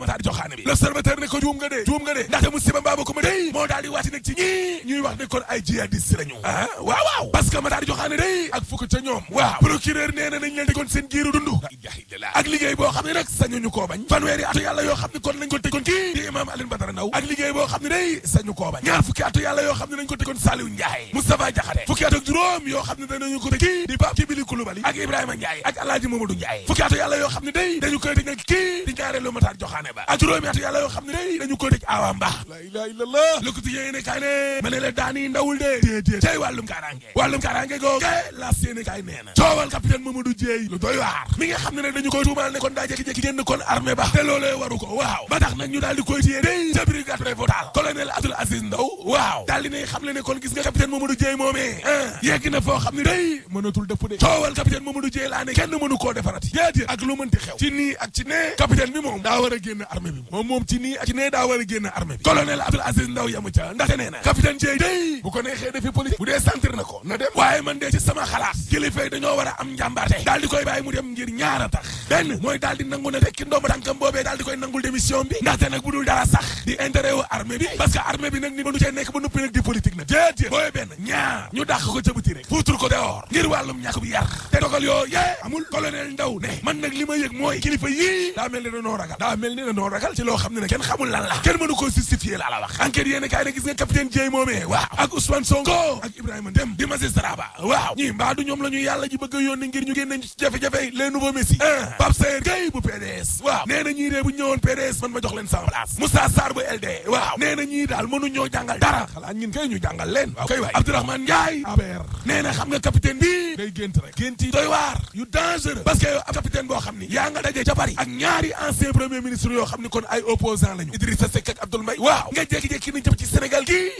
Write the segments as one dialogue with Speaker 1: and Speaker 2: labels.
Speaker 1: Matar Joxaane bi l'observateur ne ko juum nga dee juum nga dee ndaxte musiba mbaaba ko ma day moo daal di wàcc nag ci ñii ñuy wax ne kon ay jihadiste lañu ah waaw waaw parce que Matar Joxaane day ak fukk ca ñoom waaw procureur nee na nañ leen tëjoon seen giiru dund ak liggéey boo xam ne nag sañuñu koo bañ fanweeri atu yàlla yoo xam ne kon nañ ko tëjoon kii di imaam Alioune Badara Ndaw ak liggéey boo xam ne day sañu koo bañ ñaar fukki atu yàlla yoo xam ne nañ ko tëjoon Saliou Ndiaye Moustapha Diakhaté fukki at ak juróom yoo xam ne dañu ko tëj kii di Pape Djibril Coulibaly ak Ibrahima Ndiaye ak Alaaji Mamadou Ndiaye fukki atu yàlla yoo xam ne day dañu koy tëj nag kii di ñaareelu Matar Joxaane armée ba ak juróomi at yàlla yoo xam ne day dañu ko tëj aawaa ah, mbaax la ilaha illallah le quotidien yéene kaay ne ma ne la daan yi ndawul de déedéet tey wàllum kaaraange wàllum kaaraange googu laas yéene kaay nee na coowal a Mamadou Dieye lu doy waar mi nga xam ne dañu koy tuumaal ne kon daa jékki-jékki génn kon armée ba te loolee waru ko waaw ba tax nag ñu daal koy téye day ca brigade prévôtale colonel Abdoul Aziz Ndaw waaw daal ne xam le ne kon gis nga capitaine moom a génn génn bi moom moom ci nii ak ci nee daa war a génn armée bi colonel Abdoul Aziz Ndaw yamu ca ndaxte nee na capitaine Dièye day bu ko neexee defi politique bu dee sentir na ko na dem waaye man dee ci sama xalaat kilifa yi dañoo war a am njàmbaarte daal di koy bàyyi mu dem ngir ñaara tax benn mooy daal nangu na tekki ndomba tànkam boobee daal koy nangul démission bi ndaxte nag bu dul dara sax di intérêt wu armée bi parce que armée bi nag ni ba noppi nag di politique a doon ragal ci loo xam ne ne kenn xamul lan la kenn mënu koo justifier la la wax enquête yéen kaay ne gis nga capitaine Dieye moomee waaw ak Ousmane Sonko ak Ibrahima Dem di Massi Saraba waaw ñii mbaa ñoom la yàlla ji bëgg a yónni ngir ñu génn ci jafe-jafe les nouveaux messi a Pape Seye Gueye bu PDS waaw nee ñii dee bu ñëwoon PDS man ma jox leen sama place Moussa Sarr bu LD waaw nee ñii daal mënu jàngal dara xalaat ñun kay jàngal leen kay waay yoo xam ni kon ay opposant lañu Idrissa Seck ak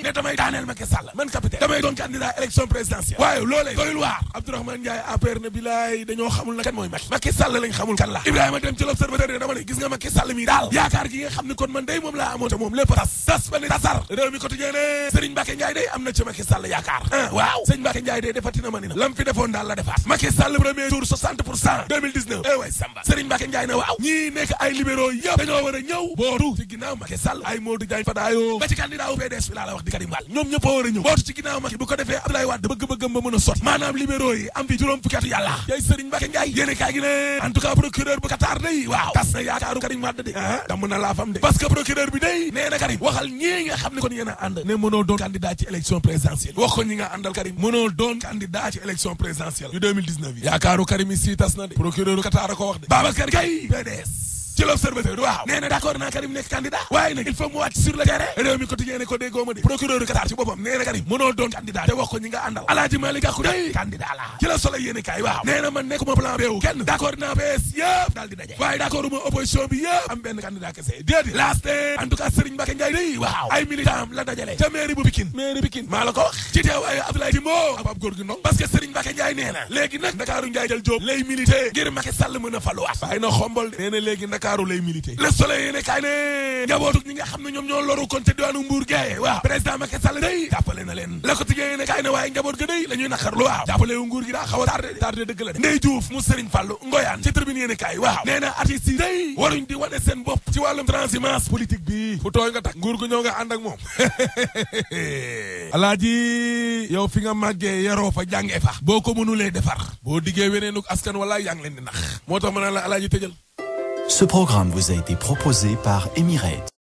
Speaker 1: ne damay daaneel Macky Sall man capitaine damay doon candidat élection présidentielle waaye loolee doyul waar Abdourahmane Ndiaye APR ne bilaay dañoo xamul na kan mooy Macky Macky Sall xamul kan la Ibrahima dem ci l'observateur dama ne gis nga Macky Sall mi daal yaakaar gi nga xam ni kon man day moom laa amoon te moom lépp tas tas ba ne tasar réew mi quotidien ne Serigne Mbacké am na ci Macky Sall yaakaar ah, dañoo war a bootu ci ginnaaw Macky Sall ay Modou Diagne Fadayo ba ci candidat u PDS bi wax di Karim Wade ñoom ñëpp a war a bootu ci ginnaaw Macky bu ko defee Abdoulaye Wade bëgg-bëggam ba mën a sot maanaam libéraux am fi juróom fukki at yàlla yay Serigne Mbacké Ndiaye yéene kaay ne en tout ah, bi day nee Karim waxal ñii nga xam ne kon yéen a ne mënoo doon candidat ci élection présidentielle wax ñi nga àndal Karim mënoo doon ci l'observateur waaw nee na d'accord naa Karim nekk candidat waaye nag il faut mu wàcc sur le terrain réew mi quotidien ne ko déggoo ma di procureur Qatar ci boppam nee na Karim mënoo doon candidat te wax ko ñi nga àndal Alaaji Malick Gakou day candidat la ci la solo yéene kaay waaw nee na man nekkuma plan B wu kenn d'accord naa PS yëpp daal di daje waaye d'accord uma opposition bi yëpp am benn candidat kese déedéet last en tout cas Serigne Mbacké Ndiaye day waaw ay militant am la dajale te mairie bu Pikine mairie Pikine maa la ko wax ci teewaayu Abdoulaye Timbo ak ab góor gi noonu parce que Serigne Mbacké Ndiaye nee na léegi nag Ndakaaru Ndiaye jël Diop lay militer ngir Macky Sall mën a faluwaat waaye na xombol nee na léegi Ndakaaru ndakaaru lay milité le soleil yéene ne njabootuk ñi nga xam ne ñoom ñoo loru kon te diwaanu mbuur gaye waaw président Macky Sall day na leen la ko tijjee yéene kaay ne waaye njaboot ga day la ñuy naqarlu waaw jàppale wu nguur gi daa xaw a tardé tardé dëgg la Ndey Diouf Ngoyaan ci tribune yéene waaw nee na artistes day waruñ di wane seen bopp ci wàllum transhumance politique bi fu tooy nga tak nguur gu ñëw nga ànd moom alaaji yow fi boo ko mënulee defar boo diggee weneenuk askan wala yaa ngi leen di nax moo tax ma ne la alaaji tëjal Ce programme vous a été proposé par Emirates.